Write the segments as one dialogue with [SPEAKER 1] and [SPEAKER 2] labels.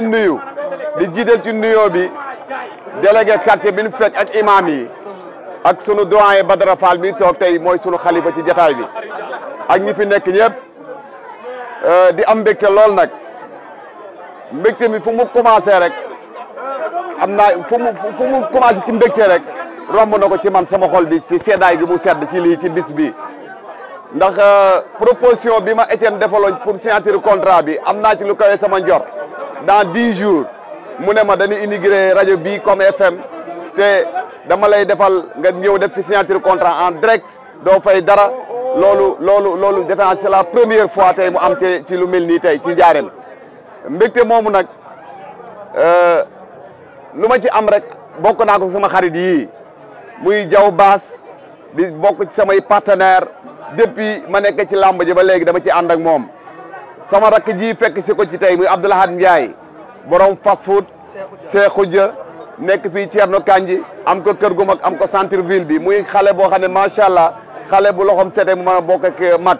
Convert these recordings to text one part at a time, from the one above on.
[SPEAKER 1] leen nuyu di jiital ci nuyoo bi délégué quartier bi ñu fekk ak imam yi ak sunu doyen Badara Fall mi toog tey mooy sunu xalifa ci jataay bi ak ñi fi nekk ñëpp euh, di am mbégte lool nag mbégte mi fu mu commencé rek am naa fu mu fu mu commencé ci mbégte rek romb na ko ci man sama xol bi ci seddaay gi mu sedd ci lii ci bis bi ndax euh, proposition bi ma Étienne defaloon pour signature contrat bi am naa ci lu kawee sama njor dans dix jours mu ne ma dañuy inaugurer rajo bi comme FM te dama lay defal nga ñëw def fi signature contrat en direct doo fay dara loolu loolu loolu defe naa c'est la première fois tey mu am te ci lu mel nii tey ci jaareel mbégte moomu nag euh, lu ma ci am rek bokk naa ko sama xarit yii muy jaw baas di bokk ci samay partenaire depuis ma nekk ci làmb ji ba léegi dama ci ànd ak moom sama rakk ji fekk si ko ci tey muy Abdoulahad Ndiaye borom fast food Cheikhou Dia nekk fii Thierno kànji am ko kër gu mag am ko centre ville bi muy xale boo xam ne macha allah xale bu loxom setee mu mën a bokk ak eh, mag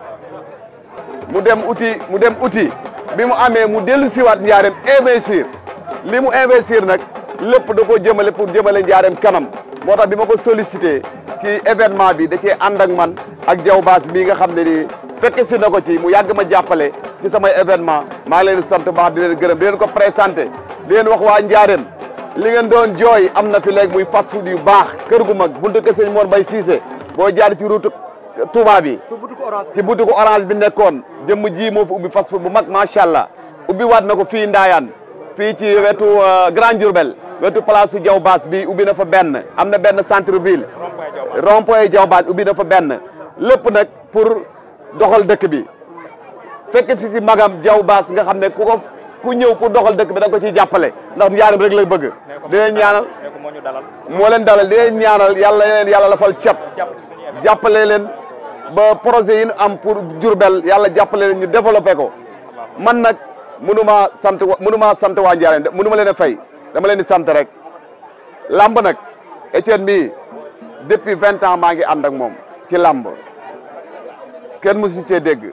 [SPEAKER 1] mu dem uti mu dem uti bi mu amee mu dellu siwaat njaareem investir li mu investir nag lépp da koo jëmale pour jëmale njaareem kanam moo tax bi ma ko sollicité si événement bi da cee ànd ak man ak jaw baas bii nga xam ne nii fekk si na ko ci mu yàgg ma jàppale ci samay événement maa ngi leen sant baax di leen gërëm di leen ko présenté di leen wax waa Njaareem li doon jooy am na fi léegi muy fast food yu baax kër gu mag buntu kër sëñ Mor Mbaye boo jaar ci route Touba bi ci boutique orange bi nekkoon jëmm ji moo fi ubbi fast food bu mag macha allah ubbi waat na ko fii Ndaayaan fii ci wetu uh, Grand Diourbel wetu place su Baas bi ubbi na fa benn am na benn centre ville rond-point Diaw Baas ubbi na fa benn lép nag pour doxal dëkk bi fekk fi si magam jaw baas nga xam ne ku ko ñëw pour doxal dëkk bi da ko ciy jàppale ndax njaaram rek lay bëgg dinañ ñaanal moo leen dalal dinañ ñaanal yàlla leen yàlla la fal cat jàppale leen ba projet yi ñu am pour Diourbel yàlla jàppale leen ñu développé ko man nag mënumaa sant mënumaa sant waa Njaareem mënuma leen a fay dama leen di sant rek làmb nag Étienne bi depuis vingt ans maa ngi ànd ak moom ci làmb kenn mësuñu cee dégg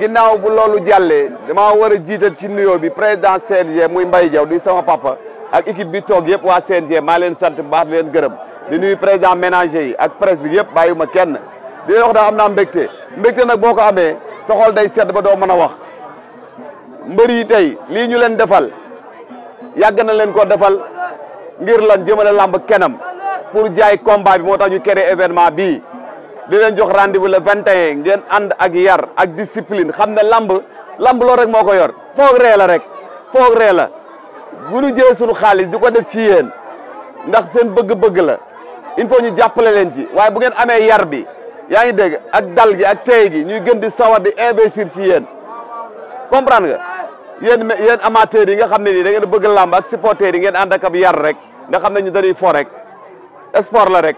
[SPEAKER 1] ginnaaw bu loolu jàllee damaa war a jiital ci nuyoo bi président CNG muy mbay Diaw di sama papa ak équipe bi toog yëpp waa CNG maa leen sant baax leen gërëm di nuyu président ménager yi ak presse bi yëpp bàyyiwuma kenn di wax daal am naa mbégte mbégte nag boo ko amee sa day sedd ba doo mën a wax mbër yi tey lii ñu leen defal yàgg na leen ko defal ngir lan jëmale làmb kenam pour jaay combat bi moo tax ñu créé événement bii di leen jox rendez-vous le 21 ngeen ànd ak yar ak discipline xam ne lamb lamb loo rek moo ko yor foog ree la rek foog ree la bu nu jëlee suñu xaalis di ko def ci yeen ndax seen bëgg-bëgg la il faut ñu jàppale leen ci waaye bu ngeen amee yar bi yaa ngi dégg ak dal gi ak tey gi ñuy gën di sawar di investir ci yéen comprendre nga yéen yéen amateurs yi nga xam ne nii da bëgg làmb ak supporters yi ngeen ànd ak ab yar rek nga xam ne ñu dañuy fo rek sport la rek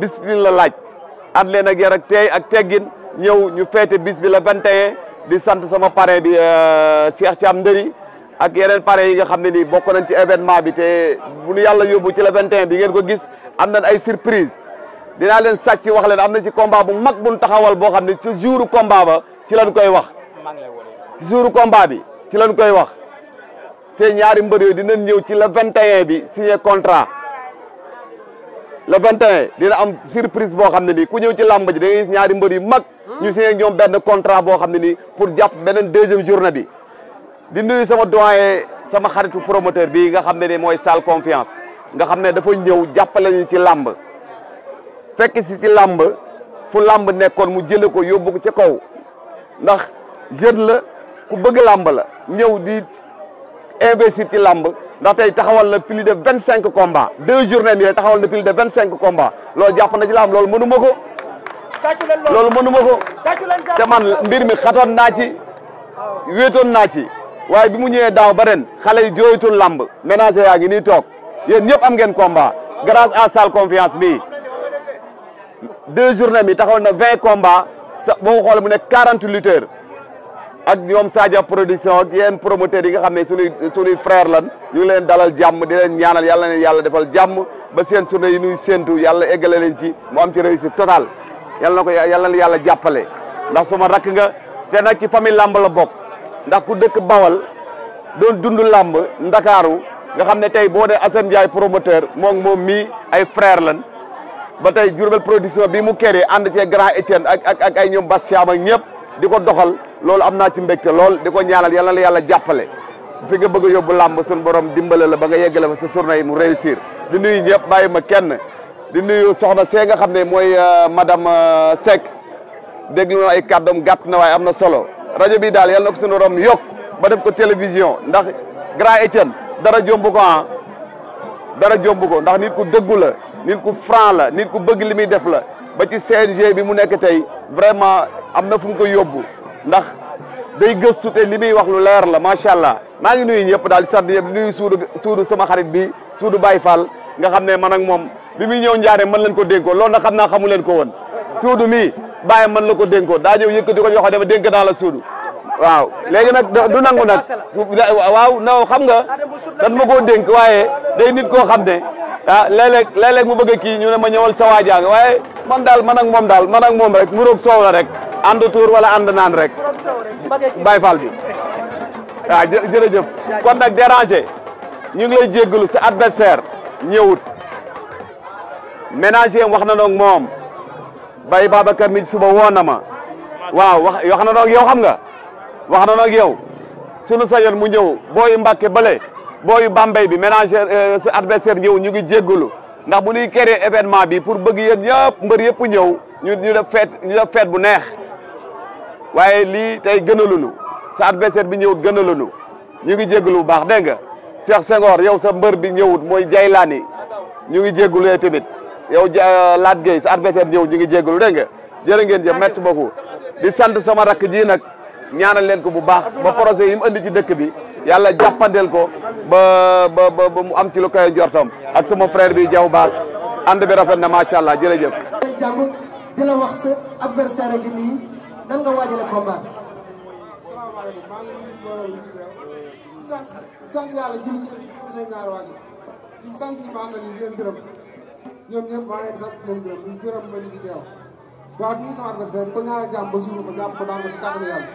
[SPEAKER 1] discipline la laaj at leen a ger ak teey ak teggin ñëw ñu feete bis bi la 21 di sant sama parrain bi ci am Ndëri ak yeneen parrain yi nga xam ne nii bokk nañ ci événement bi te bu nu yàlla yóbbu ci la 21 bi ngeen ko gis am nañ ay surprise dinaa leen sàcc wax leen am na ci combat bu mag bu nu taxawal boo xam ne ci jouru combat ba ci la lañ koy wax ci jouru combat bi ci lañ koy wax te ñaari mbër yooyu dinañ ñëw ci la 21 bi signé contrat le 21 dina am surprise boo xam ne nii ku ñëw ci làmb ji da ngay ñaari mbër yu mag ñu signé ak ñoom benn contrat boo xam ne nii pour jàpp beneen deuxième journée bi di nuyu sama doyen sama xaritu promoteur bi nga xam ne ni mooy Sall Confiance nga xam ne dafa ñëw jàppale ñu ci làmb fekk si ci làmb fu làmb nekkoon mu jële ko yóbbu ko ca kaw ndax jeune la ku bëgg làmb la ñëw di investir ci làmb ndax tey taxawal na plus de vingt cinq combats deux journées nii taxawal na pili de vingt cinq combats loolu jàpp na ci laam loolu mënu ma ko.
[SPEAKER 2] lool mënu ma ko. te man mbir mi xatoon
[SPEAKER 1] naa ci wéetoon naa ci waaye bi mu ñëwee daaw ba ren xale yi jooytul làmb ménager yaa ngi nii toog yéen ñëpp am ngeen combat grâce à Salle Confiance bii deux journées mi taxawal na vingt combats sa boo ko xoolee mu nekk quarante lutteurs. ak ñoom Sadia production ak yeneen promoteurs yi nga xam ne suñuy suñuy frère lan ñu leen dalal jàmm di leen ñaanal yàlla leen yàlla defal jàmm ba seen journée yi nuy séentu yàlla eggale leen ci mu am ci réussite totale yàlla na ko yàlla na yàlla jàppale ndax suma rakk nga te nag ci famille làmb la bokk ndax ku dëkk bawal doon dund làmb ndakaaru nga xam ne tey boo dee Assane Ndiaye promoteur moom moom mii ay frère lan ba tey Diourbel production bi mu kéré ànd cee grand Étienne ak ak ak ñoom Bass ñëpp loolu am naa ci mbégte lool di ko ñaanal yal la yàlla jàppale fi nga bëgg yóbbu làmb suñu borom dimbale la ba nga yeggale fa sa journée yi mu réussir di nuyu ñëpp bàyyi ma kenn di nuyu soxna see nga xam ne mooy euh, madam euh, Seck déglu na ay kàddoom gàtt na waaye am na solo rajo bi daal yal na ko suñu yokk ba def ko télévision ndax grand Étienne dara jomb ko ah dara jomb ko ndax nit ku dëggu la nit ku franc la nit ku bëgg li muy def la ba ci CNG bi mu nekk tey vraiment am na fu mu ko yóbbu ndax day gëstu te li wax lu leer la machallah ma ngi nuyu ñepp dal di sant ñepp nuyu suudu suudu sama xarit bi suudu Baye Fall nga xam man ak mom bi muy ñëw njaare mën leen ko denko lool na xamna xamu leen ko won suudu mi baye man la ko dénkoo daa ñëw yëkkati ko joxe dama denk na la suudu waaw léegi nak du nangu nak waaw non xam nga dañ mako denk waye day nit ko xam ah léeg-léeg mu bëgg ki ñu ne ma ñewal sa waajaanga waye man dal man ak mom dal man ak mom rek mu rok soow la rek andu tour wala and nan rek bay Fall bi jere ah, jeuf kon nak déranger ñu ngi lay jéggalu sa adversaire ñewut ménager wax na nok mom bay Babacar mi suba wonama na waaw wax yo xana nok yow xam nga wax na nok yow sunu sañal mu ñew boy mbacké balé boy Bambey bi ménager euh, sa adversaire ñew ñu ngi jéggalu ndax bu ñuy créer événement bi pour bëgg yeen ñëpp mbeur yëpp ñew ñu ñu def fête ñu def fête bu neex waaye lii tey gënaluñu sa adversaire bi ñëwut gënaluñu ñu ngi jégalu bu baax dégg nga Cheikh Senghor yow sa mbër bi ñëwut mooy Jaylaani ñu ngi jégalu tamit yow ja euh, Laat Gueye sa adversaire ñëw ñu ngi jégalu dégg nga jërë ngeen jëf merci beaucoup di sant sama rakk ji nag ñaanal leen ko bu baax ba projet yi mu andi ci dëkk bi yàlla jàppandeel ko ba ba ba mu am ci lu koy njortam ak sama frère bi jaw baax ànd bi rafet na macha allah jërëjëf.
[SPEAKER 2] nan nga waajale combat bi.
[SPEAKER 3] salaamaaleykum maa ngi nuyu mbooloo mi di sant sant yàlla julli si suñu ñaari waajur di sant ñi ma àndal di leen gërëm ñoom ñëpp maa ngi leen sant di leen gërëm di gërëm ba ñu fi teew waaw du ñu sama adversaire ko ñaanal jàmm ba suur ko jàpp ko daan ko si kàttanu yàlla.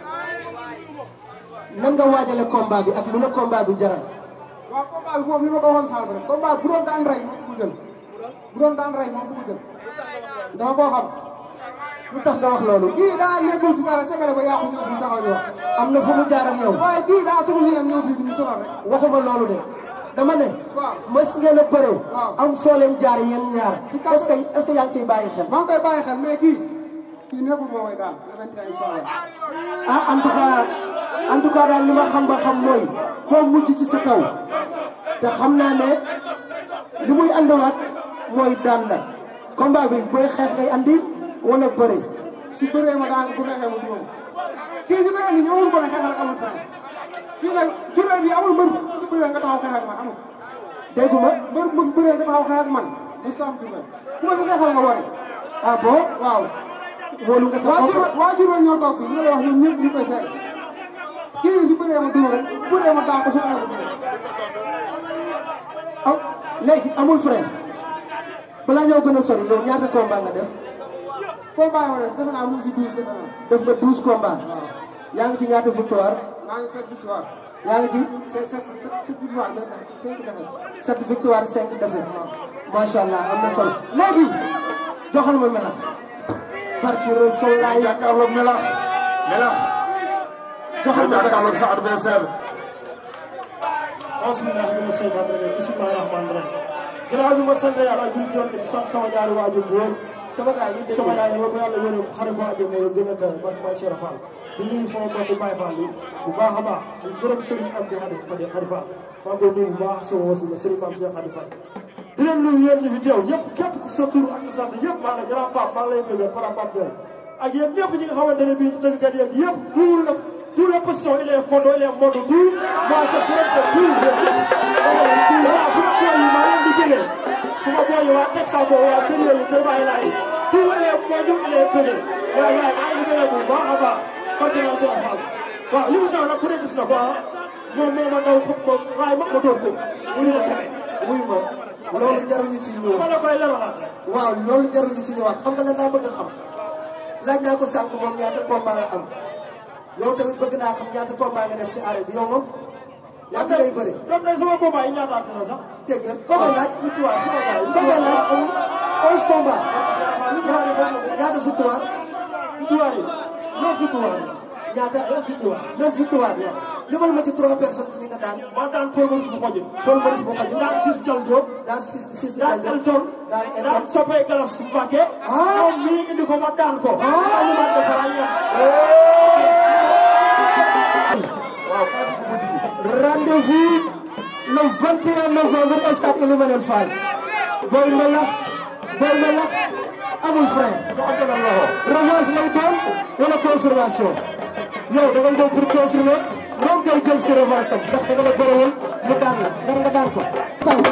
[SPEAKER 3] nan nga waajale combat bi ak lu la combat bi jaral. waaw combat bi moom li ma ko waxoon sànq rek combat bu doon daan rey moom du ko jël bu doon daan rey moom du ko jël dama koo xam. lu tax nga wax loolu. am na fu jaar ak yow. waaye waxuma loolu de dama ne. waaw mës ngeen a
[SPEAKER 2] bëree. am foo jaar yéen ñaar. est-ce que est-ce que yaa ngi ciy xel. moo koy daal. ah en tout daal li ma xam ba xam mooy moo mujj ci sa kaw te xam naa ne li muy andawaat mooy daan la combat bi booy xeex ngay andi. wala
[SPEAKER 3] bëri su bëree ma daan bu xeexee ma du kii ñu koy indi ñu amul bëri xeexal ak amul kii nag journée bi amul mbër nga taxaw xeex ak man amul déggu ma am journée ku ma si xeexal nga wari ah bon waaw wóolu nga sa ma duma rek bu bëree ma daan ko su xeex ma duma ah
[SPEAKER 2] léegi amul frein balaa ñoo gën a sori yow ñaata combat nga def
[SPEAKER 3] combat yi ma des defe si dus, defe naa.
[SPEAKER 2] def nga douze combat. waaw yaa ngi ci ñaata victoire.
[SPEAKER 3] maa ngi sept victoire. yaa ngi ci. sept
[SPEAKER 2] sept victoire mais cinq défaite. allah am na solo léegi joxal ma melax.
[SPEAKER 3] barki Rasul laa jàkkaarloog melax melax. joxal ma jàkkaarloog sa adversaire.
[SPEAKER 2] asalaamaaleykum yàlla na saytu sama gars yi sama a kawe barke maam a baax di gërëm Serigne am di xarit xarit xarit Fall maa ngi koy nuyu bu baax sama wasila Serigne maam Cheikh ku sa ak sa sant yëpp maa grand pape maa ngi lay bëgg para pape Diagne ak yéen ñëpp bii ñu tëggkat yeeg yëpp duul na tous les positions il est fondo il est mode duul duul yéen ñëpp dana leen tuul waaw suma booy yi booy waa Texas boobu waa kër yéen kër Baye mais ñoom ñu lay bëggal waaw waaye maa ngi bëggal bu baax a baax continuation ak xaal waaw li mu xew nag ku ne gis na ko ah moom moo ma daw xëpp ko waaye mag ma door ko muy ma xamee muy ma loolu jaruñu ci ñëwaat ma la koy lebalaat waaw loolu jaruñu ci ñëwaat xam nga lan laa bëgg a xam laaj naa ko sànq moom ñaata combat la am yow tamit bëgg naa xam ñaata combat nga def ci arène bi yow moom yaa ngi lay bëri. donc nag sama combat yi ñaata at na sax. dégg nga kooku laaj. victoire sama combat yi. kooku laaj 11 combat Ya victoire victoire yi neuf victoire ya neuf victoire neuf victoire limal ma ci trois personnes ni nga kan, daan ma daan Paul Maurice bu xojj Paul Maurice bu xojj daan fils Jam Diop daan fils fils Jam Diop daan Elton daan Elton sopé galas Mbacké ah mi indi ko ma daan ko ah. ani ma defal ya. rendez-vous le 21 novembre au stade Elimanel Fall boy Mbalah boobu ma lakk amul frein. revanche lay doon wala confirmation yow da ngay ñëw pour confirmer moom ngay jël si revanche am ndax da nga la bëriwoon